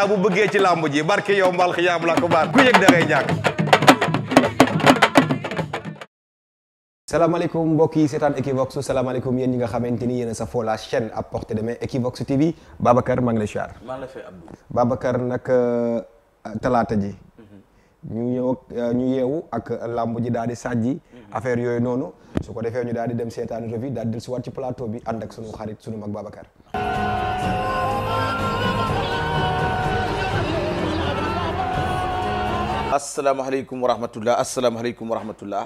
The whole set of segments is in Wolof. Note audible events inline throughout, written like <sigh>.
naa bu bëggee ci làmb ji barke yow mbal xiyaam la ko baar ku yëg da ngay mbokk yi seetaan Equivox salaamaaleykum yéen ñi nga xamante ni yéen a safoo la chaîne à portée de main Equivox TV Babacar maa ngi lay siyaar. maa ngi lay fay Abdou. nag euh, talaata ji. ñu ñëw euh, ñu yeewu ak làmb ji daal di sàjji. Mhm. affaire yooyu noonu. su defee ñu daal di dem seetaan revue daal di dellusiwaat ci plateau bi ànd ak sunu xarit sunu mag Babacar. asalaamaaleykum wa rahmatullah asalaamaaleykum wa rahmatullah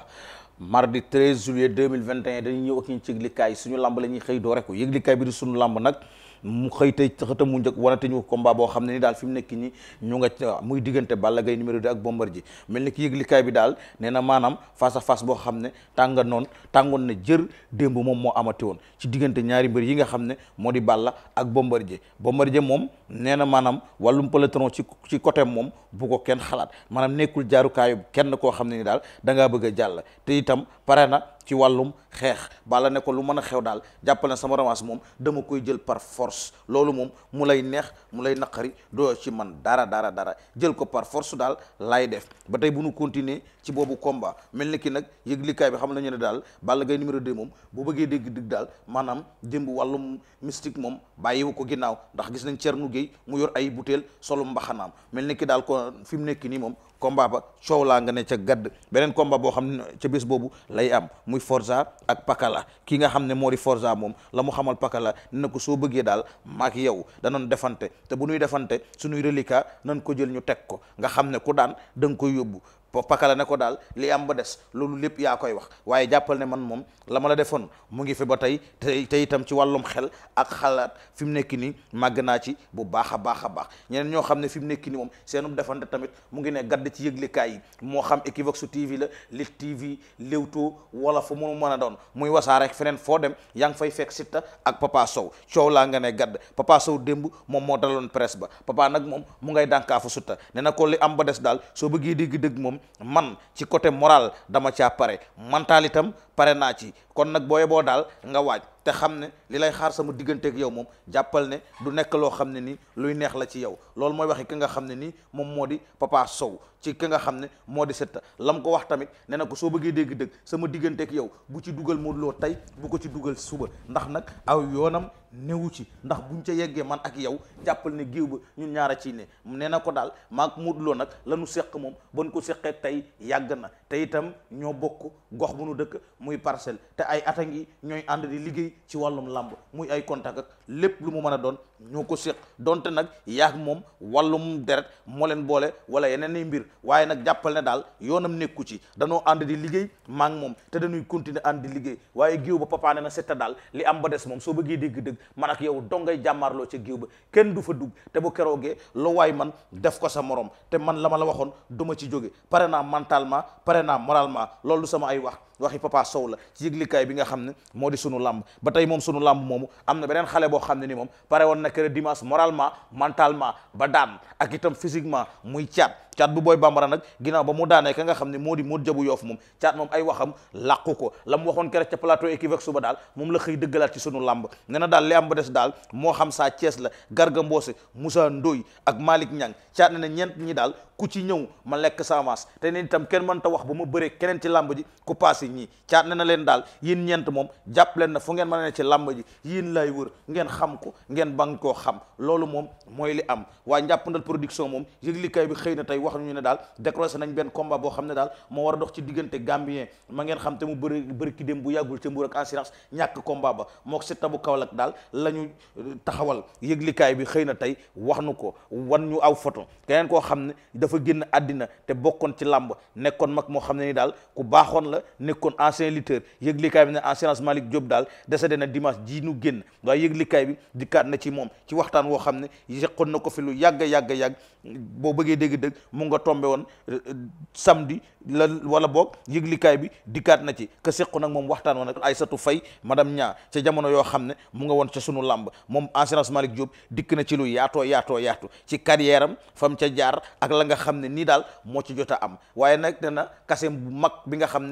mardi 13 juillet 2021 dañu ñëw ak ñu ci yëglikaay suñu lamb la ñuy xëy doore ko yëglikaay bi di suñu lamb nag mu xëy tey xëta mu njëkk wanate ñu combat boo xam ne ni daal fi mu nekk nii ñu nga muy diggante Balla Gaye numéro 2 ak ji mel ni ki yëglikaay bi daal nee na maanaam fas à boo xam ne tànga noon tàngoon na jër démb moom moo amati woon ci diggante ñaari mbër yi nga xam ne moo di Balla ak Bombardier Bombardier moom nee na maanaam wàllum peloton ci ci côté moom bu ko kenn xalaat maanaam nekkul jaarukaayu kenn koo xam ne ni daal da ngaa bëgg a jàll te itam pare na ci wàllum xeex bala ne ko lu mën a xew daal jàppal sama revanche moom dama koy jël par force loolu moom mu lay neex mu lay naqari doo ci man dara dara dara jël ko par force daal laay def ba tey bu nu continuer ci boobu combat mel ni ki nag yëglikaay bi xam nañu ne daal Balla Gaye numéro 2 moom bu bëggee dégg dig daal maanaam démb wàllum mystique moom bàyyiwu ko ginnaaw ndax gis nañ Thierno Gueye mu yor ay butéel solu mbaxanaam mel ni ki daal ko fi mu nekk nii moom combat ba coow laa nga ne ca gàdd beneen combat boo xam ne ca bés boobu lay am muy Forza ak Pakala ki nga xam ne moo di Forza moom la mu xamal Pakala ne ko soo bëggee daal maak yow danoon defante te bu ñuy defante suñuy reliquat nan ko jël ñu teg ko nga xam ne ku daan danga koy yóbbu pakala ne ko daal li am ba des loolu lépp yaa koy wax waaye jàppal ne man moom la ma la defoon mu ngi fi ba tey te itam ci wàllum xel ak xalaat fi mu nekk nii màgg naa ci bu baax a baax a baax ñeneen ñoo xam ne fi mu nekk nii moom seenum defante tamit mu ngi ne gadd ci yëglekaay yi moo xam Equivox TV la Lutte TV Leewtoo wala fu mu mën a doon muy wasaare ak feneen foo dem yaa ngi fay fekk Siteu ak Papa Sow coow nga ne gadd Papa démb moom moo daloon presse ba papa nag moom mu ngay dànkaafu Siteu ne na ko li am ba des daal soo bëggee dégg dëgg moom man ci côté moral dama caa pare mental pare naa ci kon nag booye boo daal nga waaj te xam ne li lay xaar sama digganteeg yow moom jàppal ne du nekk loo xam ne nii luy neex la ci yow loolu mooy waxi ki nga xam ne nii moom moo di Papa Sow ci ki nga xam ne moo di Siteu lam ko wax tamit ne na ko soo bëggee dégg dëkk sama digganteeg yow bu ci dugal Modou tey bu ko ci dugal suba ndax nag aw yoonam newu ci ndax buñ ca yeggee man ak yow jàppal ne géew ba ñun ñaara ciy ne nee na ko daal maak Modou Lo nag lanu seq moom ban ko seqee tey yàgg na te itam ñoo bokk gox bu nu dëkk muy parcelle te ay at a ngi ñooy ànd di liggéey ci wàllum làmb muy ay contact lépp lu mu mën a doon ñoo ko séq donte nag yaag moom wàllum deret moo leen boole wala yeneen mbir waaye nag jàppal daal yoonam nekku ci danoo ànd di liggéey maa moom te dañuy continuer ànd di liggéey waaye géew ba papaane na setta daal li am ba des moom soo bëggee dégg-dëgg man ak yow dongay jàmmaarloo ca géew ba kenn du fa dugg te bu keroogee lu waay man def ko sa moroom te man la ma la waxoon naa moralement loolu sama ay wax waxi papa Sow la ci yëglikaay bi nga xam ne moo di sunu làmb ba tey moom sunu làmb moomu am na beneen xale boo xam ne ni moom pare woon na kër dimanche moralement mentalement ba daan ak itam physiquement muy caat caat bu booy bambara nag ginnaaw ba mu daanee ka nga xam ne moo di moo jabu yoof moom caat moom ay waxam làqu ko la mu waxoon keroog ca plateau Equivox suba daal moom la xëy dëggalaat ci sunu làmb nee na daal li am ba des daal moo xam saa Thiès la Garga Mbossé Moussa Ndoye ak Malick Niang caat ne na ñeent ñi daal ku ci ñëw ma lekk sa avance te kenn mën ta wax ba ma bëree keneen ci làmb ji si ñii caat ne na leen daal yéen ñeent moom jàpp leen na fu ngeen mën a ne ci làmb ji yéen laay wër ngeen xam ko ngeen bang koo xam loolu moom mooy li am waaye njàppandal production moom yëglikaay bi xëy na tey wax ñu ne daal décroché nañ benn combat boo xam ne daal moo war a dox ci diggante gambien ma ngeen xam te mu bëri bëri ki dem bu yàggul ca mbuur ak assurance ñàkk combat ba mook Siteu bu Kaolack daal la ñu euh, taxawal yëglikaay bi xëy na tey wax nu ko wan ñu aw photo keneen koo xam ne dafa génn àddina te bokkoon ci làmb nekkoon mag moo xam ne ni daal ku baaxoon la ne nekkoon ancien lutteur yëglikaay bi ne assurance Malick Diop daal décédé na dimanche ji nu génn waaye yëglikaay bi dikkaat na ci moom ci waxtaan woo xam ne yëqoon na ko fi lu yàgg yàgg yàgg boo bëggee dégg dëgg mu nga tombé woon euh, euh, samedi la wala boog yëglikaay bi dikkaat na ci que sequ nag moom waxtaan nag ay satu Faye madame ñaa ca jamono yoo xam ne mu nga woon ca sunu làmb moom assurance Malick Diop dikk na ci lu yaatoo yaatoo yaatu ci carrière am fam ca jaar ak la nga xam ne nii daal moo ci jot a am waaye nag ne na kasem bu mag bi nga xam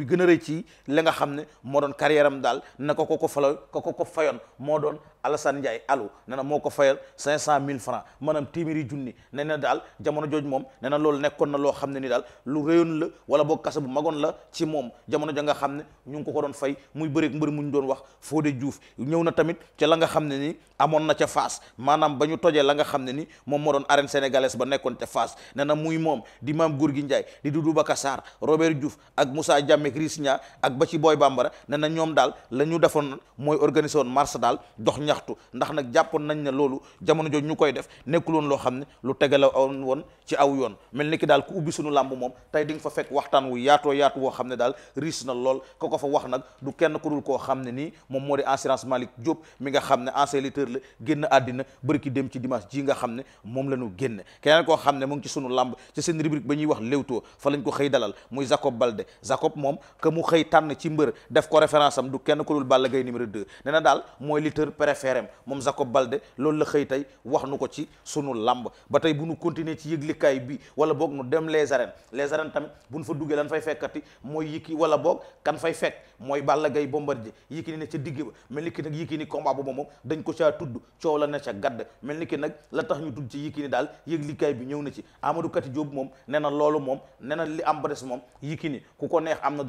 bi gën a rëy ci nga xam ne moo doon carrière am daal na ko ko ko faloon ko ko ko fayoon moo doon Alassane Ndiaye alu ne na moo ko fayal cinq cent mille francs maanaam téeméeri junni ne na daal jamono jooju moom ne na loolu nekkoon na loo xam ne ni daal lu réyoon la wala boo kasa bu magoon la ci moom jamono ja nga xam ne ñu ngi ko ko doon fay muy bëreeg mbër mu ñu doon wax foo Fodé Diouf ñëw na tamit ca la nga xam ne ni amoon na ca Fass maanaam ba ñu tojee la nga xam ne ni moom moo doon arène sénégalaise ba nekkoon ca Fass ne na muy moom di maam Gorgui Ndiaye di avec Risnia ak ba ci Boy Bambara ne ñoom daal la ñu defoon mooy organisé woon marche daal dox ñaxtu ndax nag jàppoon nañ ne loolu jamono jooju ñu koy def nekkuloon loo xam ne lu tegale awoon woon ci aw yoon mel ni ki daal ku ubbi sunu làmb moom tey di nga fa fekk waxtaan wu yaatoo yaatu woo xam ne daal riis na lool ko ko fa wax nag du kenn ku dul koo xam ne nii moom moo di assurance Malick Diop mi nga xam ne ancien lutteur la génn àddina bëri dem ci dimanche ji nga xam ne moom la ñu génn keneen koo xam ne mu ngi ci sunu làmb ci seen rubrique ba ñuy wax Leewtoo fa lañ ko xëy dalal muy Jacob Balde Jacob moom que mu xëy tànn ci mbër def ko référence am du kenn ku dul Balla Gaye numéro 2 nee daal mooy lutteur préféré moom Jacob Baldé loolu la xëy tey wax nu ko ci sunu lamb ba tey bu nu continuer ci yëglikaay bi wala boog nu dem les arènes les arènes tamit bu fa duggee lan fay fekkati mooy Yékini wala boog kan fay fekk mooy Balla Gaye Bombardier Yékini ne ca digg ba mel ni ki nag Yékini combat boobu moom dañ ko caa tudd coow la ne ca gadd mel ni ki nag la tax ñu tudd ci Yékini daal yëglikaay bi ñëw na ci Amadou Kati Diop moom nee na loolu moom nee na am ba moom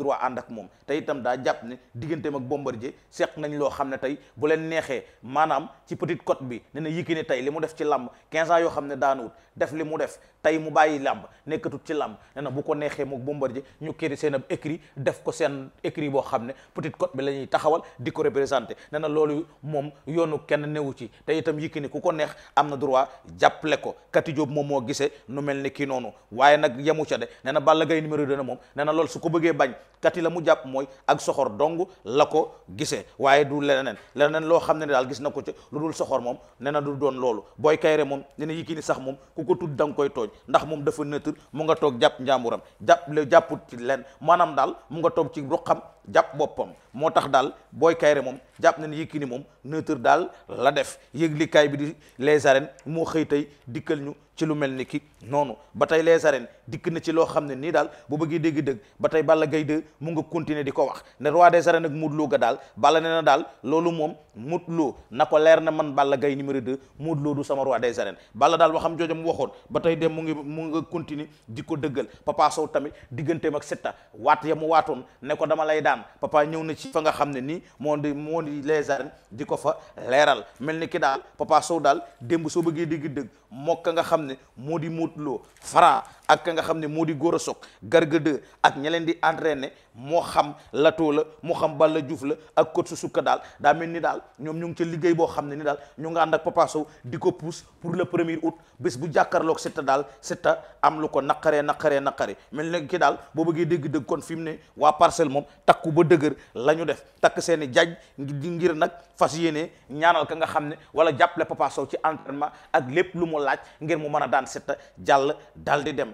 droit ànd ak moom te itam daa jàpp ne digganteem ak Bombardier seq nañ loo xam ne tey bu leen neexee maanaam ci petite côte bi ne na Yékini tey li mu def ci làmb 15 yoo xam ne daanuwut def li mu def tey mu bàyyi làmb nekkatut ci làmb ne na bu ko neexee mook Bombardier ñu kiri seen ab écrit def ko seen écrit boo xam ne petite côte bi la ñuy taxawal di ko représenté ne na loolu moom yoonu kenn newu ci te itam Yékini ku ko neex am na droit jàppale ko Kati Diop moom moo gisee nu mel ni kii noonu waaye nag yemu ca de ne na Balla Gaye numéro 2 moom ne na loolu su ko bëggee bañ kati la mu jàpp mooy ak soxor dong la ko gisee waaye du leneen leneen loo xam ne daal gis na ko ci lu dul soxor moom nee na du doon loolu booy kayre moom ne na Yékini sax moom ku ko tudd da koy tooñ ndax moom dafa nëtër mu nga toog jàpp njàmburam jàpp le jàpput ci leen maanaam daal mu nga toog ci ruqam jàpp boppam moo tax daal Boy Kayre moom jàpp na ne ni moom neutre daal la def yëglikaay bi di les arènes moo xëy tey dikkal ñu ci lu mel ni ki noonu ba tey les arènes dikk na ci loo xam ne nii daal bu bëggee dégg dëgg ba tey Balla gay 2 mu nga continuer di ko wax ne roi des arènes ak Modou Lo ga daal Balla nee na daal loolu moom Modou loo na ko leer na man Balla Gaye numéro 2 Modou loo du sama roi des arènes Balla daal waxam jooju mu waxoon ba tey dem mu ngi mu nga continuer di ko dëggal Papa Sow tamit digganteem ak Setta waat ya mu waatoon ne ko dama lay daan arène papa ñëw na ci fa nga xam ne nii moo di moo di les arènes di ko fa leeral mel ni ki daal papa Sow daal démb soo bëggee dégg dëgg mokk nga xam ne moo di Modou Lo Fra ak ka nga xam ne moo di góor a soog garga deux ak ña leen di ne moo xam Lato la moo xam la Diouf la ak coach sukka daal daa mel ni daal ñoom ñu ngi ca liggéey boo xam ne ni daal ñu nga ànd ak Papa Sow di ko pousse pour le premier août bés bu jàkkaarloog Siteu daal Siteu am lu ko naqare naqaree naqaree mel ne ki daal boo bëggee dégg-dëgg kon fi mu ne waa parcelle moom takku ba dëgër la ñu def takk seeni jaaj ngir nag fas yéene ñaanal ka nga xam ne wala jàppale Papa ci entraînement ak lépp lu mu laaj ngir mu mën a daan Siteu jàll dal di dem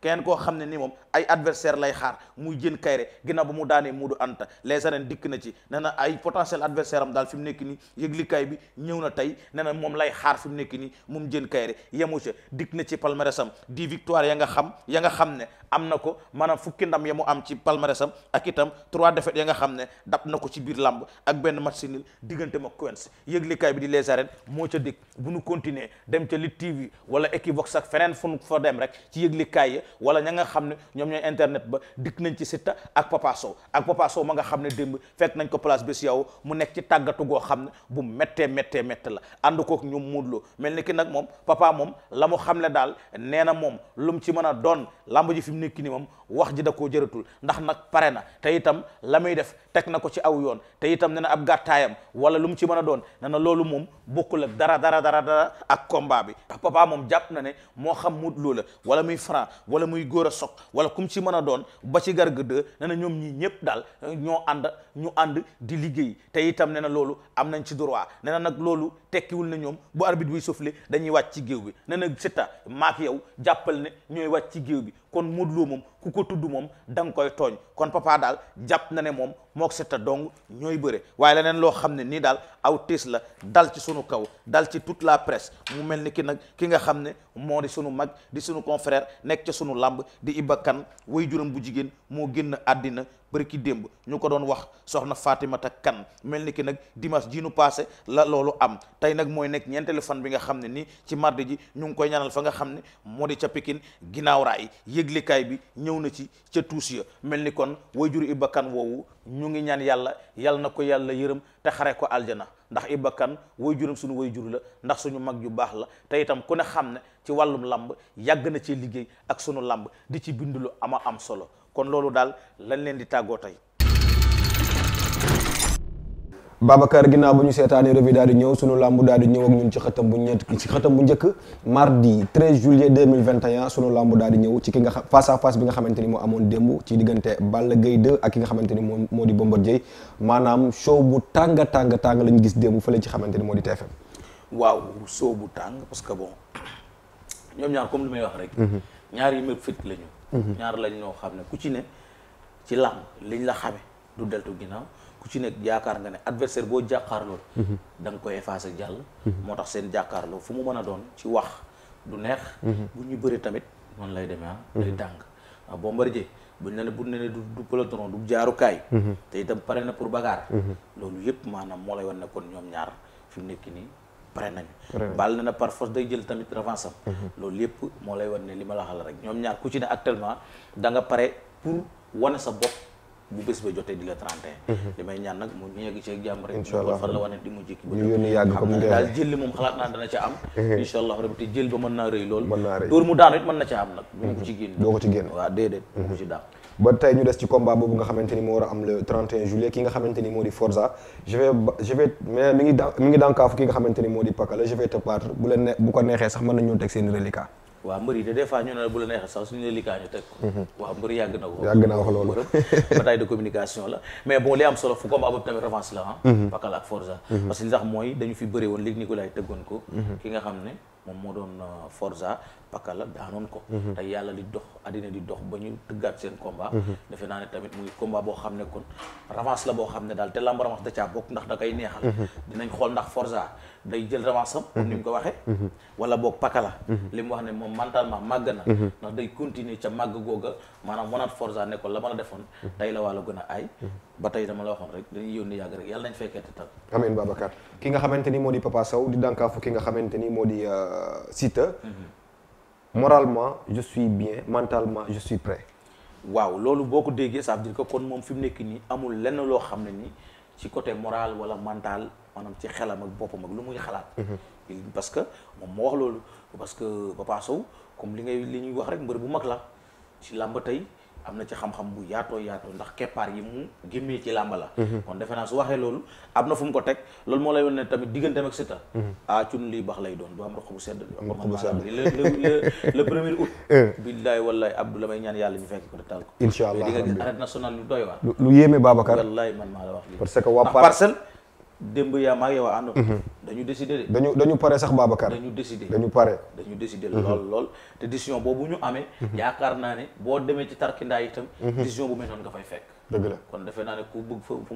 kenn koo xam ne nii moom ay adversaire lay xaar muy jën kayre ginnaaw ba mu daanee Moodu Anta les arènes dikk na ci nee na ay potentiel adversaire am daal fi nekk nii yëglikaay bi ñëw na tey nee moom lay xaar fi mu nekk nii moom jën kayre yemu ca dikk na ci palmarèsam di victoire ya nga xam ya nga xam ne am na ko maanaam fukki ndam ya mu am ci palmarèsam ak itam trois défaites ya nga xam ne dab na ko ci biir làmb ak benn match nul diggante ma Queens yëglikaay bi di les arènes moo ca dikk bu nu continuer dem ca Lutte TV wala Equivox ak feneen fu nu dem rek ci yëglikaay wala ña nga xam ne ñoom ñooy internet ba dikk nañ ci Siteu ak Papa Sow ak Papa Sow ma nga xam ne dëmb fekk nañ ko place bi si yow mu nekk ci tàggatu goo xam ne bu méttee méttee méttee la ànd kook ñoom Modou Lo mel ni ki nag moom papa moom la mu ne daal nee na moom lu mu ci mën a doon làmb ji fi mu nekk ni moom wax ji da koo jëratul ndax nag pare na tey itam la muy def teg na ko ci aw yoon te itam ne na ab gàttaayam wala lu mu ci mën a doon ne na loolu moom bokkul ak dara dara dara dara ak combat bi ndax papa moom jàpp na ne moo xam Modou Lo la wala muy Franc wala muy Gora Sock wala kum ci mën a doon ba ci Garga 2 ne na ñoom ñii ñëpp daal eh, ñoo ànd ñu ànd di liggéey te itam ne na loolu am nañ ci droit ne na nag loolu tekkiwul na ñoom bu arbitre buy sofle dañuy wàcc ci géew bi ne na Siteu maak yow jàppal ne ñooy wàcc ci géew bi kon Modou Lo moom ku ko tudd moom da nga koy tooñ kon papa daal jàpp na ne moom moo Siteu dong ñooy bëre waaye leneen loo xam ne nii daal aw tiis la dal ci sunu kaw dal ci tout la presse mu mel ni ki nag ki nga xam ne moo di sunu mag di sunu confrère nekk ca sunu làmb di Iba Kane way juróom bu jigéen moo génn àddina bëri ki démb ñu ko doon wax soxna Fatimata kan mel ni ki nag dimanche ji nu passé la loolu am tey nag mooy nekk ñeenteelu fan bi nga xam ne nii ci mardi ji ñu ngi koy ñaanal fa nga xam ne moo di ca ginnaaw raay ñëw na ci ca tuus ya mel ni kon jur Iba Kane woowu ñu ngi ñaan yàlla yàlla na ko yàlla yërëm te xare ko aljana ndax Iba Kane wayjuram suñu jur la ndax suñu mag ju baax la te itam ku ne xam ne ci wàllum làmb yàgg na cee liggéey ak sunu làmb di ci bind lu ama am solo kon loolu daal lañ leen di tàggoo tey Babacar ginnaaw bu ñu seetaanee revue daal di ñëw sunu làmb daal di ñëw ak ñun ci xëtam bu ñett ci xëtam bu njëkk mardi 13 juillet 2021 sunu làmb daal di ñëw ci ki nga xam face à face bi nga xamante ni moo amoon démb ci diggante Balla Gaye 2 ak ki nga xamante moo moo di Bombardier maanaam show bu tàng tàng tàng lañu gis démb fële ci xamante ni moo di TFM. waaw show bu tàng parce que bon ñoom ñaar comme li may wax rek. ñaar yi mépp fit lañu. Mhm. ñaar lañ ñoo xam ne ku ci ne ci làmb liñ la xame du deltu ginnaaw. ku ci nekk yaakaar nga ne adversaire boo jàkkaarloo. da nga koy effacer jàll. moo tax seen jàkkaarloo fu mu mën a doon ci wax du neex. bu ñu bëri tamit noonu lay demee a ah, day tàng ah Bombardier buñ la ne buñ la du du peloton du jaarukaay. te itam na pour bagaar. loolu yëpp maanaam moo lay wan ne ñoom ñaar fi mu nekk nii. pare nañu na na par force day jël tamit revanche am loolu yëpp moo lay wan ne li ma la xal rek ñoom ñaar ku ci ne actuellement danga nga pare pour wane sa bopp bu bés ba jotee di la 31. li may ñaan nag mu yegg ci jàmm rek. incha allah fan la di mu jikki ba ñu yónni yàgg comme daal jël li moom xalaat naa dana ca am. Mhm. incha allah rabi te jël ba mën naa rëy lool. mën naa mu daanu it na ca am nag. bu ko ci génn doo ko ci génn mhm. ba tey ñu des ci combat boobu nga xamante ni moo war a am le 31 juillet ki nga xamante ni moo di Forza je vais je mais mi ngi daan mi kaafu ki nga xamante ni moo di Pakala je vais te battre bu leen ne waa mbër yi de des ñu ne la bu la neexee sax suñu ne likaa ñu teg ko mhm. waaw mbër yàgg na ko yàgg na wax loolu bataille de communication la mais bon li am solo fu comme abab tamit revanche la ah mhm. Pakal ak mhm. ko ki nga xam ne moom moo doon euh, Forza Pakal la daanoon ko te yàlla di dox àddina di dox ba ñu tëggaat seen combat defe naa ne tamit muy combat boo xam ne kon revanche la boo xam ne daal te lamb revanche da caa bokk ndax da koy neexal dinañ xool ndax Forza day jël revanche am ni mu ko waxee wala boog la li mu wax ne moom mentalement màgg na ndax day continuer ca màgg googa maanaam wanaat forza ne nekkoon la ma la defoon tey la wàlla gën a aay ba tey dama la waxoon rek dañuy yónni yàgg rek yàlla nañ fekkee te tal amiin Babacar ki nga xamante ni moo di Papa Sow di dànkaafu ki nga xamante ni moo di euh, sita moralement je suis bien mentalement je prêt waaw loolu boo ko déggee ça veut dire que moom fi mu nekk nii amul lenn loo xam ne nii ci côté moral wala mental maanaam ci xelam ak boppam ak lu muy xalaat. Mhm. parce que moom moo wax loolu parce que Papa comme li ngay li ñuy wax rek mbër bu mag la ci làmba tey. am na ci xam-xam bu yaatoo yaatoo ndax keppaar yi mu gémmee ci làmba la mhm. kon defe naa su waxee loolu am na fu ko teg loolu moo lay won ne tamit digganteem ak Siteu mhm. ah cun lii baax lay doon du am roq bu sedd am roq la <laughs> eh. may ñaan yàlla ñu fekk ko di nationale lu doy waar lu yéeme Babacar wallaay man maa la wax lii parce démb yaa maa ngi yow a ànd. Mhm. dañu décider de. dañu dañu pare sax Babacar. dañu décider dañu pare. dañu décider mhm. lool lool te décision boobu ñu amee. Mhm. yaakaar naa ne boo demee ci tarkindaa itam. décision bu mel noonu nga fay fekk. dëgg la kon defe naa ne ku bëgg ku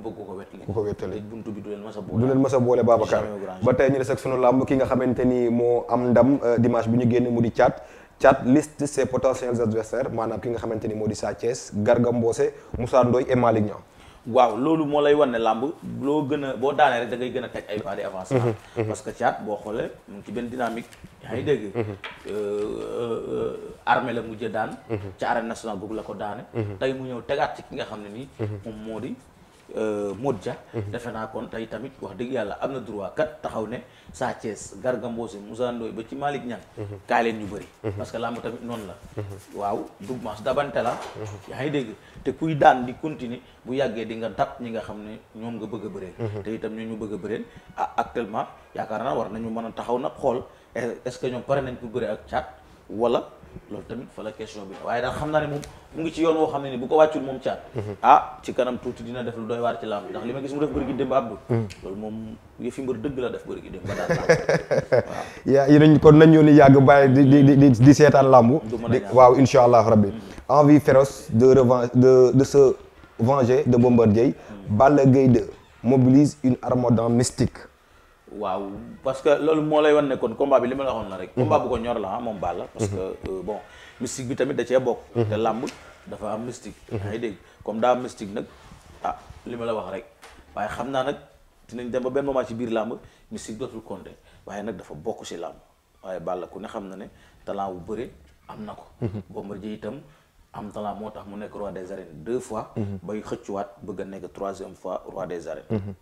bëgg ku ko wettali. ku ko wettali buntu bi du leen mës a boole. du leen mës a boole Babacar ba tey ñu des ak sunu làmb ki nga xamante ni moo am ndam euh, dimanche bi ñu génn mu di caat. Thiat liste ses potentiels adversaires maanaam ki nga xamante ni moo di Sa Thiès Garga Mbossé Moussa Ndoye et Malick Niang waaw loolu moo lay wan ne làmb loo gën a boo daanee rek da ngay gën a teg ay pas d'avancement mhm, mhm. parce que caat boo xoolee mu ngi ci benn dynamique yaa ngi dégg mhm. euh, euh, euh, armée la mujjee daan ci arène nationale boobu la ko daane tey mu ñëw tegaat ci ki nga xam ne nii moom moo di Euh, Modou Dia defe naa kon tey tamit wax dëgg yàlla am na droit kat taxaw ne Sa Thiès Garga Mbossé Moussa Ndoye ba ci Malick Niang kaay leen ñu bëri parce que làmb tamit noonu la waaw dug manche dabante la yaa ngi dégg te kuy daan di continuer bu yàggee di nga dab ñi nga xam ne ñoom nga bëgg a bëreel te itam ñoo ñu bëgg a bëreel ah yaakaar naa war nañu mën a taxaw nag xool est-ce que ñoom pare nañ pour bëri ak caat wala loolu tamit fa la question bi waaye daal xam naa ne moom mu ngi ci yoon woo xam ne ni bu ko wàccul moom caat mhm. ah ci kanam tuuti dina def lu doy waar ci lamb ndax li ma gis mu def bëri gi démb Abdou mhm. loolu moom yëfi mbër dëgg la def bëri gi démb ba daal waaw <laughs> kon nañ ñoo ni yàgg bàyyi di di di di seetaan lamb waaw insha allah rabbi mhm. envie féroce de revanche de de se venger de Bombardier Balla Gaye 2 mobilise une armée mystique waaw parce que loolu moo lay wan ne kon combat bi li ma la waxoon la rek. Mhm. combat bu ko ñor la ah moom Balla. parce mhm. que euh, bon mystique bi tamit da cee bokk. Mhm. te làmb dafa am mystique. yaa dégg comme daa nag ah li ma la wax rek waaye xam naa nag dinañ dem ba benn moment ci biir làmb mystique dootul compter waaye nag dafa bokk si làmb waaye Balla ku ne xam na ne talent bu bëre am na ko. Bombardier itam am talent moo tax mu nekk roi des arènes deux fois. bay xëccuwaat bëgg a nekk troisième fois roi des arènes.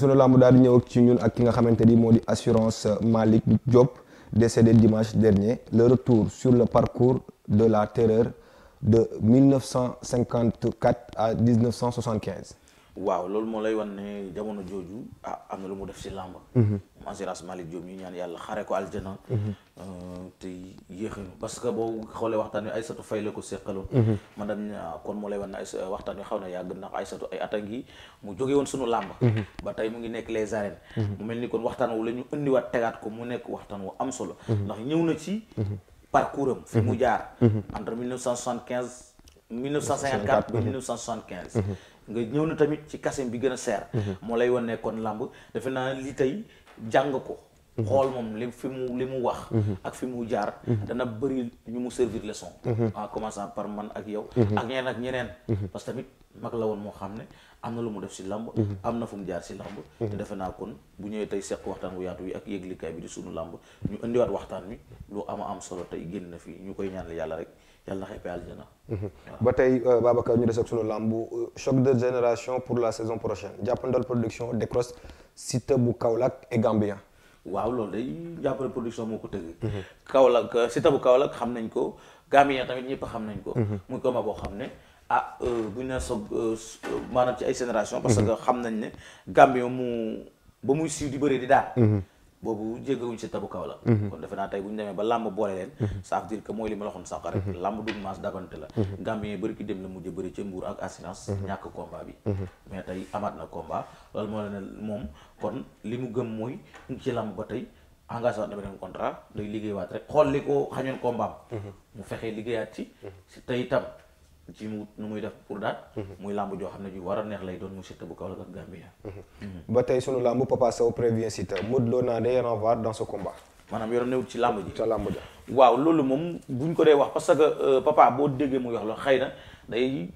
sunu làmb daal di ñëw ci ñun ak ki nga xamante ni moo di assurance Malick Diop décédé dimanche dernier le retour sur le parcours de la terreur de 1954 à 1975. waaw loolu moo lay wan ne jamono jooju ah am na lu mu def si làmb mhm. assurance Malick Diop ñu ñaan yàlla xare ko aljana mhm. euh, te yéexinu parce que boo xoolee waxtaan wi ay Aysatu Fay la ko séqaloon mhm. man dañ ah, kon moo lay wan ne ay waxtaan wi xaw na yàgg ndax Aysatu ay at a ngi mu jóge woon sunu làmb ba tey mu ngi nekk les arènes mu mel ni kon waxtaan wu la ñu indiwaat tegaat ko mu nekk waxtaan wu am solo ndax ñëw na ci parcours am fi mu jaar entre 1975 1954 ba 1975 nga ñëw na tamit ci kasim bi gën a seer mhm. moo lay wan ne kon làmb defe naa li tey jàng ko mhm. xool moom li fi mu li mu wax mhm. ak fi mu jaar dana bëri ñu mu servir leçon en commençant par man ak yow ak ñeneen ak ñeneen parce que tamit mag la woon moo xam ne am na lu mu def si làmb am na fu mu jaar si làmb te defe naa kon bu ñëwee tey seq waxtaan wu yaatu wi ak yëglikaay bi di sunu làmb ñu indiwaat waxtaan wi lu ama am solo tey génne na fii ñu koy ñaan yàlla rek yàlla xeppee aljana ba tey euh, Babacar ñu des ak sunu làmb euh, choc de génération pour la saison prochaine jàppandal production décroche Siteu bu Kaolack et Gambien. waaw loolu day jàppale production moo ko tëgg. Mhm. Kaolack euh, Siteu bu Kaolack xam nañ ko Gambien tamit ñëpp xam nañ ko. mu ko ma boo xam ne. ah bu ñu nee soog maanaam ci ay génération mhm. parce que xam nañ ne Gambie mu ba muy siiw di bëree di daal mhm. boobu jéggawuñ si tabu kaw la mhm. kon defe naa tey bu ñu demee ba làmb boole leen mhm. ça veut dire ko mooy li ma la waxoon sànq rek mhm. làmb dug maas dagante la gambien bëri ki dem la mujj bëri ca mbuur ak assurance ñàkk combat bi mais tey amaat na combat loolu la ne moom kon li mu gëm mooy ci làmb ba tey engagé waat na beneen contrat day liggéey waat rek xool li ko xañoon combat mu fexee liggéeyaat ci tey itam ci mu nu muy def pour daal. Mhm. muy làmb joo xam ne ju war a neex lay doon mu Siteu bu Kaolack ak Gambia. Mhm. Mhm. ba tey sunu làmb Papa Sow prévient Siteu Modou Lo naa day renvoir dans ce combat. maanaam yoram newut ci làmb ji. ca làmb ja waaw loolu moom buñ ko dee wax parce que euh, papa boo déggee muy wax loolu xëy na day.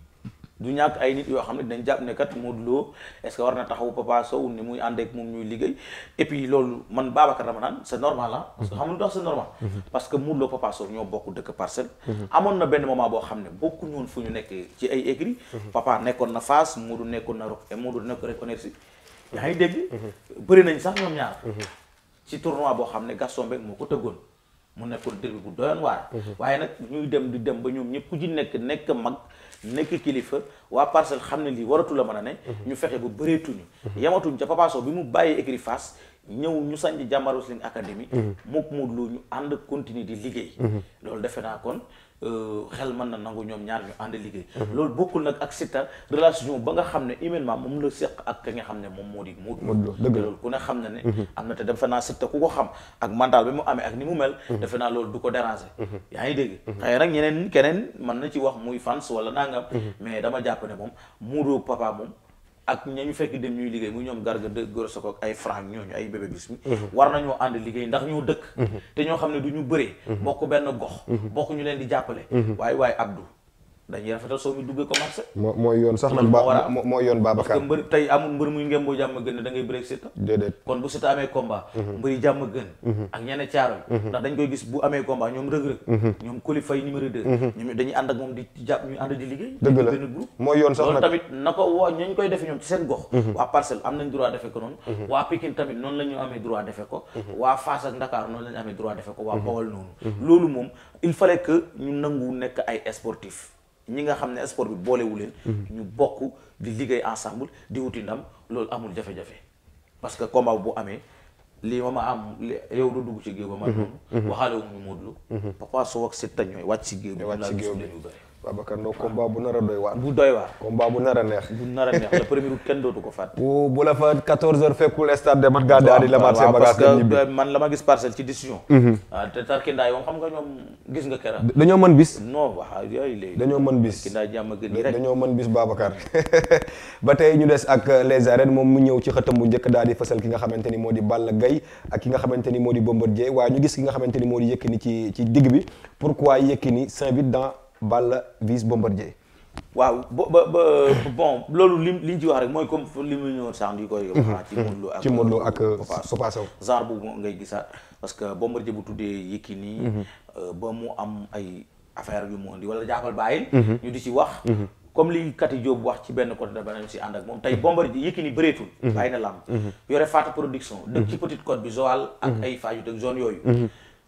du ñàkk ay nit yoo xam ne dañ jàpp ne kat Modou Lo est-ce que war na taxaw Papa Sow ni muy ànd ak moom ñuy liggéey et puis loolu man Babacar dama c'est normal ah. parce que xam nga tax parce que Modou Lo Papa Sow ñoo bokk dëkk parcelle. amoon na benn moment boo xam ne bokkuñu woon fu ñu nekk ci ay écrits. Papa nekkoon na Fass Modou nekkoon na Rock et eh, Modou nekkoon rek Énergie. yaa ngi dégg. bëri nañ sax ñoom ñaar. ci tournoi boo xam ne Gaston Mbengue moo ko tëggoon. mu nekkoon derby bu doyoon waar. Mhm. waaye nag ñuy dem di dem ba ñoom ñëpp ku ci nekk nekk mag nekk kilifa waa parcelle xam ne lii waratu la man a ne. Mhm. ñu fexe ba bëreetuñu. Mhm. yamatuñ ca Papa bi mu bàyyi écurie Fass ñëw ñu sànni Jàmbaar Wrestling Academy. mook Modou Lo ñu ànd continue di liggéey. loolu defe naa kon. Euh, xel mën na nangu ñoom ñaar ñu ànd liggéey. Mhm. loolu bokkul nag ak Siteu relation ba nga xam ne humainement moom la seq ak ki nga xam ne moom moo di Modou Lo dëgg loolu ku ne xam na ne. Mhm. am na te defe naa Siteu ku ko xam ak mental bi mu amee ak ni mu mel. Mhm. defe naa loolu du ko déranger. yaa ngi dégg. xëy nag ñeneen keneen mën na ci wax muy fans wala nangam. mais dama jàpp ne moom Modou Papa moom. ak ñu fekk dem ñuy liggéey mu ñoom garga de grosso ak ay franc ñooñu ay bébé bis mi mhm. war nañoo ànd liggéey ndax ñoo dëkk mhm. te ñoo xam ne du ñu bëree mhm. bokk benn gox bokk ñu leen di jàppale waaye waaye Abdou dañuy rafetal soo mi duggee ko moo mooy yoon sax mbër tey amul mbër muy ngem jàmm gën da ngay bëreeg Siteu. kon bu Siteu amee combat. Mhm. mbër jàmm gën. Mhm. ak ñeneen caaroy. Mhm. ndax dañ koy gis bu amee combat ñoom rëg-rëg. ñoom qualifié numéro 2. ñoom dëgg la mooy yoon sax nag tamit na ko woo ñañ koy defee ñoom ci seen gox. waa parcelle am nañ droit defee ko noonu. waa Pikine tamit noonu la amee droit defee ko. waa Fass ak Dakar noonu la amee ñi nga xam ne sport bi boolewu leen. Mhm. ñu bokk di liggéey ensemble di wuti ndam loolu amul jafe-jafe parce que combat bu amee lii ma ma am yow du dugg ci géew ba ma. Mhm. Mhm. waxaale wu mu Modou Lo. Papa Sow ak Siteu ñooy wàcc ci géew bi. wàcc ci géew Babacar Ndo ah. bu nar a doy waar. bu doy bu nar a neex. bu nar neex bu bu la fa 14h fekkul stade de mat ngaa daal di man la mhm. ah, dañoo mën bis. dañoo mën bis Tarkinda jàmm <laughs> ba tey ñu des ak euh, les arènes moom mu ñëw ci xëtam bu njëkk daal di fësal ki nga xamante moo di Balla Gaye ak ki nga xamante moo di Bombardier waaye ñu gis ki nga xamante moo di Yékini ci digg bi pourquoi Yékini s'invite dans Balla vice Bombardier. waaw ba ba bon loolu li li ñu ci wax rek mooy comme li mu ñëwoon sànq di koy. Mhm. ci Modou ci Modou ak Papa Sow. genre boobu ngay gisaat parce que Bombardier bu tuddee Yékini mhm. euh, ba mu am ay affaire yu mu indi wala jàppal bàyyil. Mhm. ñu di ci wax. comme li Kati Diop wax ci benn côté da beneen si moom tey Bombardier Yékini bëreetul. bàyyi na làmb. yore Faata production. dëkk ci petite côte bi Joal. ak ay Fadiouth ak zone yooyu.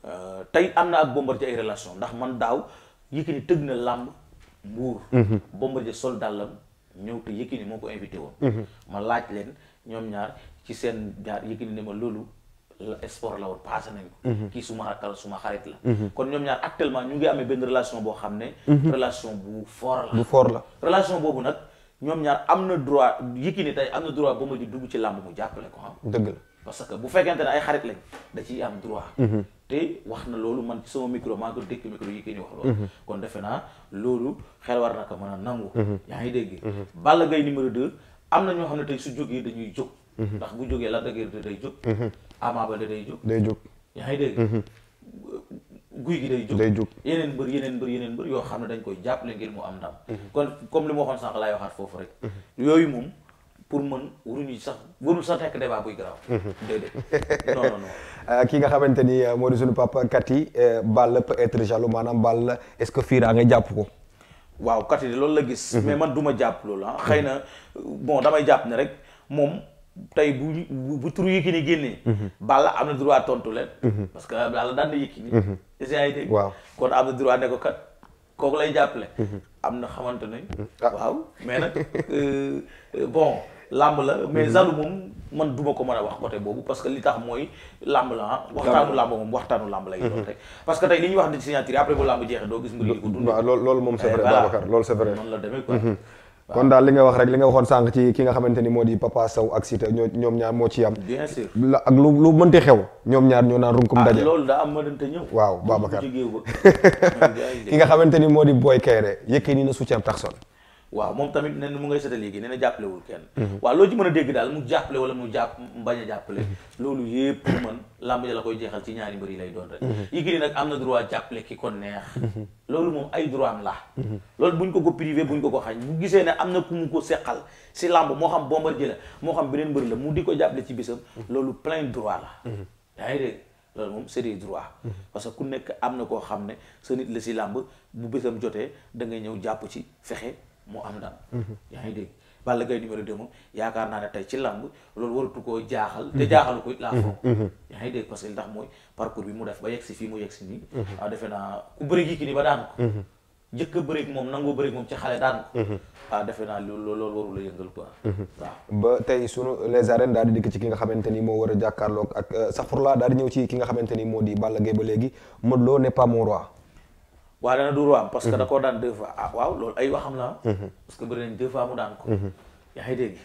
Euh, tey am na ak Bombardier ay relation ndax man daaw. Yékini tëgg na làmb mbuur mhm. Bombardier sol la ñëw te Yékini moo ko invité woon mhm. ma laaj leen ñoom ñaar ci seen jaar Yékini ne ma loolu sport la woon passé nañ ko mhm. kii suma rakkal suma xarit la kon ñoom ñaar actuellement ñu ngi amee benn relation boo xam ne relation bu fort la bu la relation boobu nag ñoom ñaar am na droit Yékini te am na droit Bombardier dugg ci làmb mu jàppale ko am ah. dëgg la parce que bu fekkente ne ay xarit lañ da ciy am droit te wax na loolu man ci sama micro maa ko dëkk micro yi ki ñu wax loolu mhm. kon defe naa loolu xel war na ko mën a nangu mhm. yaa ngi dégg mhm. Balla Gaye numéro 2 am na ñoo xam ne tey su jógee dañuy jóg ndax bu jógee la dagéer de day jóg Ama Baldé day jóg day jóg yaa ngi dégg guy gi day jóg yeneen mbër yeneen mbër yeneen yoo xam ne dañ koy jàppale ngir mu am ndam kon comme li ma waxoon sànq laay waxaat foofu yooyu moom pour mën waruñu sax warul sax nekk débat buy garaaw déedéet non non non Euh, kii nga xamante ni euh, moo di suñu papa Kati euh, Ball peut être jaloux maanaam Ball est-ce que Fira nga jàpp ko. waaw Kati de loolu la gis. Mhm. mais man duma ma jàpp loolu ah. xëy na bon damay jàpp ne rek moom. tey bu bu tur Yékini génnee mhm. Balla am na droit tontu leen mhm. parce que Balla daan na Yékini essaye waaw kon am na droit ne ko kat kooku lay jàppale am na xamante ne ah. waaw mais nag <laughs> bon làmb la mais mhm. Zalou moom man duma ko mën a wax côté boobu parce que li tax mooy làmb la ah waxtaanu làmb moom waxtaanu làmb lay mhm. que tey li doo ko moom c'est eh, vrai Babacar loolu c'est mhm. daal li nga wax rek li nga waxoon sànq ci ki nga xamante ni moo di Papa Sow ak ñoom ñaar moo ci am. bien sûr ak lu lu mënti xew. ñoom ñaar ñoo naan runkum ah, daje. ah loolu daa am mënante ñëw. waaw Babacar <laughs> ki nga xamante ni moo di Boy Kayre yëkkee ni na suucam taxson waaw moom tamit nee na mu ngay seeta léegi nee na jàppalewul kenn mhm. waaw loo ci mën a dégg daal mu jàppale wala mu jàpp bañ a jàppale mhm. loolu yëpp pour man làmb ja la koy jeexal ci ñaari mbër yi lay doon rek mhm. Yékini nag am na droit jàppale ki ko neex loolu moom ay droit am la loolu buñ ko ko privé buñ ko ko xañ bu gisee am na ku mu ko si làmb moo xam Bombardier la moo xam beneen mbër la mu di ko jàppale ci bisam loolu plein droit la yaa moom c'est des parce que ku nekk am na koo xam ne sa nit la si làmb bu bisam jotee da ngay ñëw jàpp ci fexe mu am ndam. Mm-hmm. yaa ngi dégg Balla Gaye numéro de moom yaakaar naa ne tey ci làmb loolu waratu koo jaaxal. te mm-hmm. jaaxalu ko it laa foog. Mm-hmm. yaa ngi dégg parce que li mooy parcours bi mu def ba yegg si fii mu yegg si nii. a ah, defe naa ku bëri Yékini ba daan ko. njëkk a bëri moom nangoo bëri moom ci xale daan ko. ah defe naa loolu loolu warul la yëngal quoi. waaw ba tey sunu les arènes daal di dikk ci ki nga xamante ni moo war a jàkkaarloog ak euh, sax pour di ñëw ci ki nga xamante ni moo di Balla ba léegi Modou Lo n'est pas waa dana dóor waam parce que mhm. da koo daan deux fois ah waaw loolu ay waxam la mhm. parce que bëri nañ deux fois mu daan ko mhm. yaa ngi dégg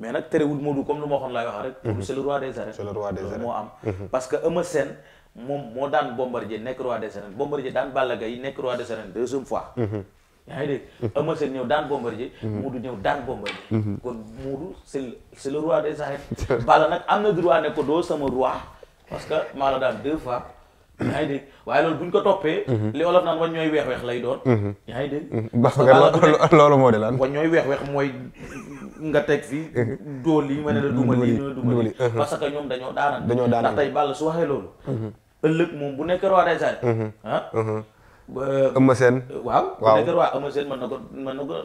mais nag terewul Modou comme lu ma waxoon laay wax rek Modou c'est le roi des arènes roi des arènes moo am parce que Eumeu Sène moom moo nekk roi des arènes Bombardier daan Balla Gaye nekk roi des arènes deuxième fois yaa ngi ñëw daan Bombardier Modou kon Modou c'est c'est le roi des arènes Balla nag am na droit ne ko doo sama roi parce que maa la daan deux yaa ngi dégg waaye loolu buñ ko toppee mhm. li olof naan wañ ñooy weex weex lay doon mhm. yaa ngi dégg parce mhm. que loolu moo di lan wañ ñooy weex weex mooy nga teg fi dóol yi ma ne la duma lii duma lii uh-huh. parce ñoom dañoo daanaan dañoo daanaan ndax tey Balla su waxee loolu ëllëg moom bu nekk roi des arènes ah uh-huh. Eumeu Sène waaw bu nekk roi Eumeu Sène mën na ko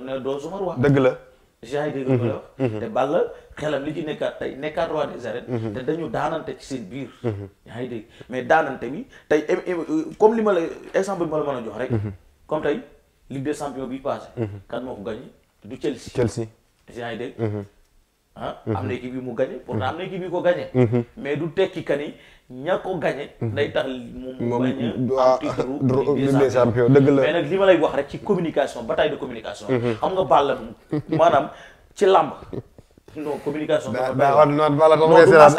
mën na suma roi dëgg la yaa ngi dégg ko mm-hmm. mm-hmm. te Balla xelam li ci nekkaat tey nekkaat roi des arènes. Mm-hmm. te dañu daanante ci seen biir. yaa ngi dégg mais daanante bi tey eh, eh, comme li ma la exemple bi ma la mën a jox rek. comme tey Ligue des champions bi passé. kan moo ko gagné du Chelsea. Chelsea yaa ngi dégg. Ah, am na équipe yi mu gagné pourtant am na équipe yi ko gagné. mais du tekki kan ña ko gagné. Mhm. day tax moom mu bañ a. am ah, titre des champions lay wax rek ci communication bataille de communication. Mhm. xam nga Balla maanaam ci làmb. non communication. daa daa war a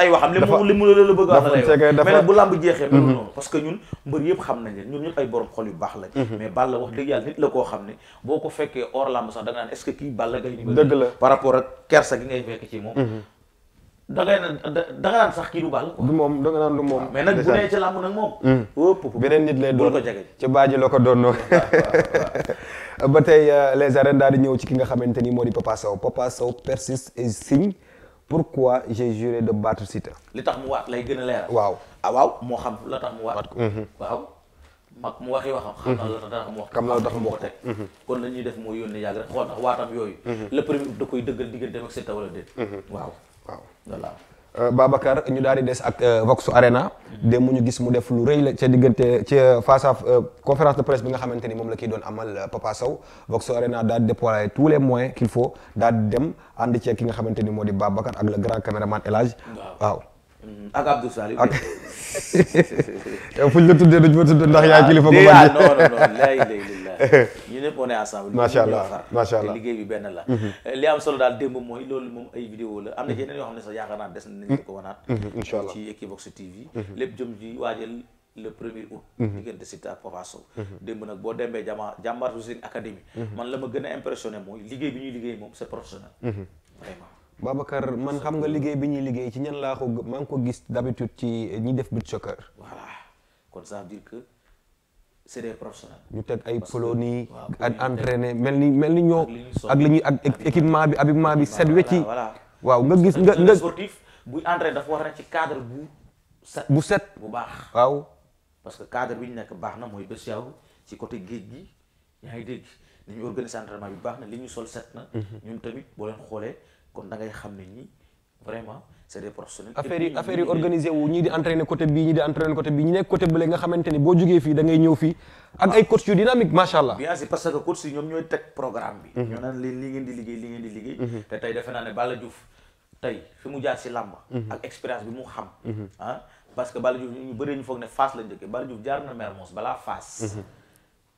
wax la bu làmb jeexee. melu mhm. noonu parce que ñun mbër yëpp xam nañ leen ñun ñëpp ay borom xol yu baax lañ. mais Balla wax dëgg yàlla nit la koo xam ne boo ko fekkee hors làmb sax da naan est-ce que kii Balla gay. dëgg la par rapport ak kersa gi ngay fekk ci moom. da ngay naan da da nga naan sax kii du baax la quoi. du moom da nga naan du moom. mais nag bu dee ci làmb nag moom. Mm. wóob beneen nit lay doon ci baaji la ko doon <laughs> ba tey euh, les arènes daal di ñëw ci ki nga xamante ni moo di Papa Sow Papa Sow persiste et signe pourquoi j'ai juré de battre Siteu. li tax mu waat lay gën a leeral. waaw ah waaw moo xam la tax mu waat. Mm-hmm. waaw mag mu waxi waxam. xam naa la tax mu wax. xam naa la tax mu wax teg. Mm-hmm. kon la ñuy def mooy yónni yàgg rek xool ndax waatam yooyu. Mm-hmm. le premier da koy dëggal digganteem ak Siteu wala déet. waaw. waaw voilà euh, Babacar ñu daal di des ak euh, Vox Arena. démb ñu gis mu def lu rëy la ca diggante ca face à euh, conférence de presse bi nga xamante ni moom la kii doon amal Papa Sow Vox Arena daal di déployer tous les moyens qu'il faut daal di dem ànd ci ki nga xamante ni moo di Babacar ak le grand caméraman El Hadj. waaw mm-hmm. ak Abdou Salif. ak <laughs> fuñ la tuddee duñ ma tuddee ndax yaa kilifa. ba <laughs> <laughs> ñu ñëpp on est liggéey bi benn la. Mhm. li am solo daal démb mooy loolu moom ay vidéo la am na mhm. yeneen yoo xam ne sax yaakaar naa des mhm. nañu ko wanaat. ci Equivox TV. lépp jëm ji waajal. le premier août diggante Siteu ak Papa démb nag boo demee jama jàmbaar Wrestling Academy man la ma gën a impressionné mooy liggéey bi ñuy liggéey moom c'est professionnel vraiment man xam nga liggéey bi ñuy liggéey ci ñan laa ko maa ko gis d'habitude kon ça dire que c'est des professionnels. ñu teg ay polo nii. waaw entraîné mel ni mel ni ñoo. ak li ñuy ak équipement bi habillement bi set wecci waaw nga gis nga nga sportif buy entraîné dafa war ci cadre bu set. bu set bu baax. waaw parce que cadre bi ñu nekk baax na mooy bés yaaw ci côté géej gi yaa ngi dégg ni ñu organiser entraînement bi baax na li ñu sol set na. Mhm. ñun tamit boo leen xoolee kon da xam ne ñi vraiment. c'est des professionnels. affaire yi affaire yi organisé wu ñii di entraîner côté bii ñii di entraîner côté bii ñi nekk côté bële nga xamante ni boo jógee fii da ñëw fii ak ay ah. coach yu dynamique macha parce que coach yi ñoom ñooy teg programme bi. Mhm. ñoo naan leen li ngeen di liggéey li ngeen di liggéey. Mhm. te tey defe naa ne Balla Diouf tey fi mu jaar si làmb. Mhm. ak expérience bi mu xam. ah parce que Balla Diouf ñu bëri ñu foog ne Fass la njëkkee Balla Diouf jaar na Mermoz balaa Fass.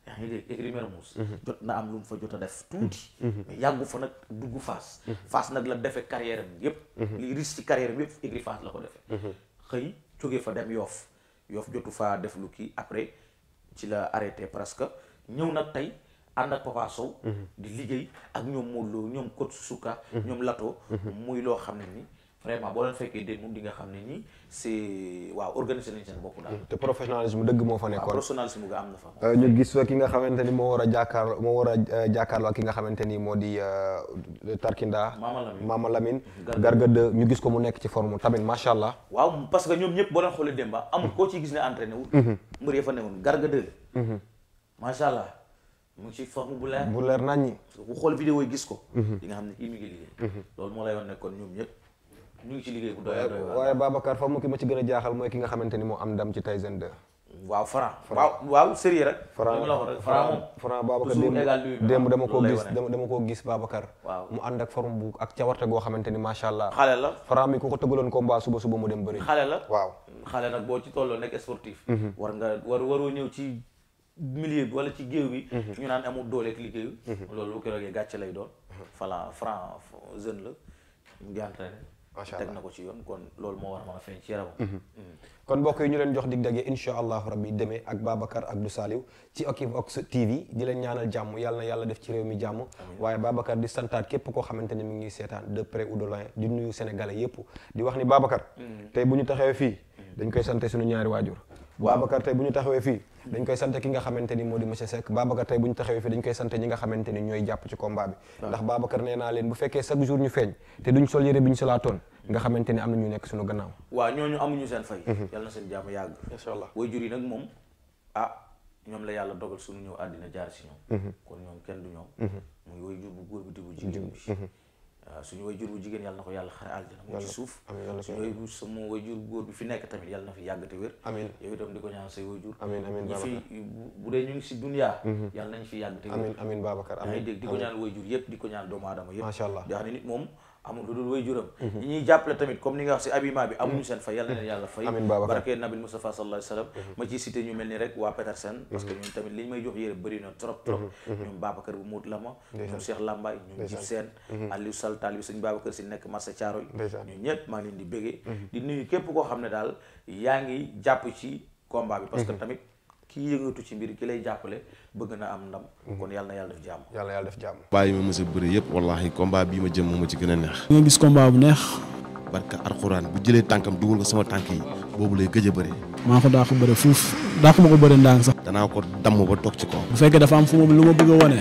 yaa ngi dégg écurie eh, Mermoz mm-hmm. jot na am lu mu fa jot a def tuuti mm-hmm. mais yàggu fa nag dugg Fass mm-hmm. Fass nag la defe carrière am yépp li risque ci carrière am yépp écurie Fass la ko defee xëy jóge fa dem yoof Yoff jotu faa def lu kii après ci la arrêté presque ñëw nag tey ànd ak Papa Sow di liggéey ak ñoom Modou ñoom coach Souka ñoom Lato muy loo xam ne ni vraiment boo leen fekkee déet moom di nga xam ne nii c'est waaw organiser nañ seen bopp daal. te professionnalisme dëgg moo fa nekkoon. waaw na fa. Euh, ñu gis fa ki nga xamante ni moo war a jàkkaar moo war a euh, jàkkaarloo ak ki nga xamante ni moo di euh, Tarkinda. Mama Lamine Mama Lamine. Garga de ñu gis ko mu nekk ci forme tamit macha allah. waaw parce que ñoom ñëpp boo leen dem Demba am koo ci gis ne entraîné wul. Mhm. mbër ya fa newoon Garga de. Mhm. macha allah mu ci forme bu leer. bu leer naññi. bu xool vidéo yi gis ko. Mhm. di nga xam ne kii mi ngi liggéey. loolu ñoom ñëpp ñu ngi ci liggéey bu doy doy waaye Babacar fa mu ki ma ci gën a jaaxal mooy ki nga xamante ni moo am ndam ci Tyson waaw Franc. waaw waaw sérieux rek. Franc Franc Franc Babacar démb démb dama koo gis dama koo waaw mu ànd ak forme bu ak cawarte goo xamante ni macha allah. xale la Franc mi ku ko tëggaloon combat suba suba mu dem bëri. xale la waaw. xale nag boo ci tolloo nekk sportif. Mhm. war nga war waroo ñëw ci milieu wala ci géew bi. Mhm. ñu naan amul dooleeg liggéeyu. Mhm. loolu bu ko gàcce lay doon. voilà Franc jeune la mu ngi entraîné macha allah teg na ko ci yoon kon loolu moo war a a feeñ ci yaramam. Mm-hmm. Mm. kon mbokk yi ñu leen jox dig daje incha allahu rabbi demee ak Babacar ak du Saliw ci Equivox TV di leen ñaanal jàmm yàlla na yàlla def ci réew mi jàmm. waaye Babacar di santaat képp koo xamante ne mi ngi seetaan de près ou de loin di nuyu sénégalais yépp di wax ni Babacar. Mm. tey bu ñu taxawee fii. Mm. dañ koy sante suñu ñaari waajur. Babacar tey bu ñu taxawee fii dañ koy sant ki nga xamante ni moo di monsieur Seck Babacar tey bu ñu taxawee fii dañ koy sant ñi nga xamante ni ñooy jàpp ci combat ah. ndax Babacar nee naa leen bu fekkee chaque jour ñu feeñ te duñ sol yére bi ñu solaatoon nga xamante ni am na ñu nekk suñu gannaaw waaw ñooñu amuñu seen fay mhm. yàlla na seen jàmm yàgg inshallah way nag moom ah ñoom la yàlla dogal suñu ñëw àddina jaar si ñoom mhm. kon ñoom kenn du mhm. waaw suñu way jur bu jigéen yàlla na ko yàlla xare aljana mu ci suuf suñu way way jur góor bi fi nekk tamit yàlla na fi yàgg te wér amiin yow itam di ñaan say way jur amiin fi bu dee ñu si dunya mhm. yàlla nañ fi yàgg te wér amiin amiin Babacar amiin ñaan way jur yëpp di ñaan doomu aadama yëpp macha allah di nit moom amul lu dul way juram mhm. ñi ñuy jàppale tamit comme ni nga wax si abima bi amuñu seen fay yàlla na leen yàlla fay barke nabil moustapha sallallahu alayhi wa mhm. ma ciy cité ñu mel ni rek waa Petersen mhm. parce que ñu may jox yére bëri trop trop ñoom Babacar bu muut la ma ñoom Cheikh Lamba ñoom Jib Seen Aliou Sall taalibi sëñ Babacar si nekk marché Thiaroy ñu ñëpp maa leen di béggee di nuyu képp koo xam ne daal yaa ngi jàpp ci combat bi parce que tamit kii yëngatu ci mbir ki lay jàppale bëgg na am ndam. Mhm. kon yàlla na yàlla def jàmm. yàlla ma mës a bëri yëpp wallaahi combat bii ma jëm moo ma ci gën a neex. di nga gis combat bu neex. barka alxuraan bu jëlee tànkam dugal ko sama tànk yi boobu lay gëj a bëri. maa ko daa ko bëri fuuf ko ma ko bëri ndànk sax. danaa ko damm ba toog ci kaw. bu fekkee dafa am fu mu lu ma bëgg a wane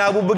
maanaa bu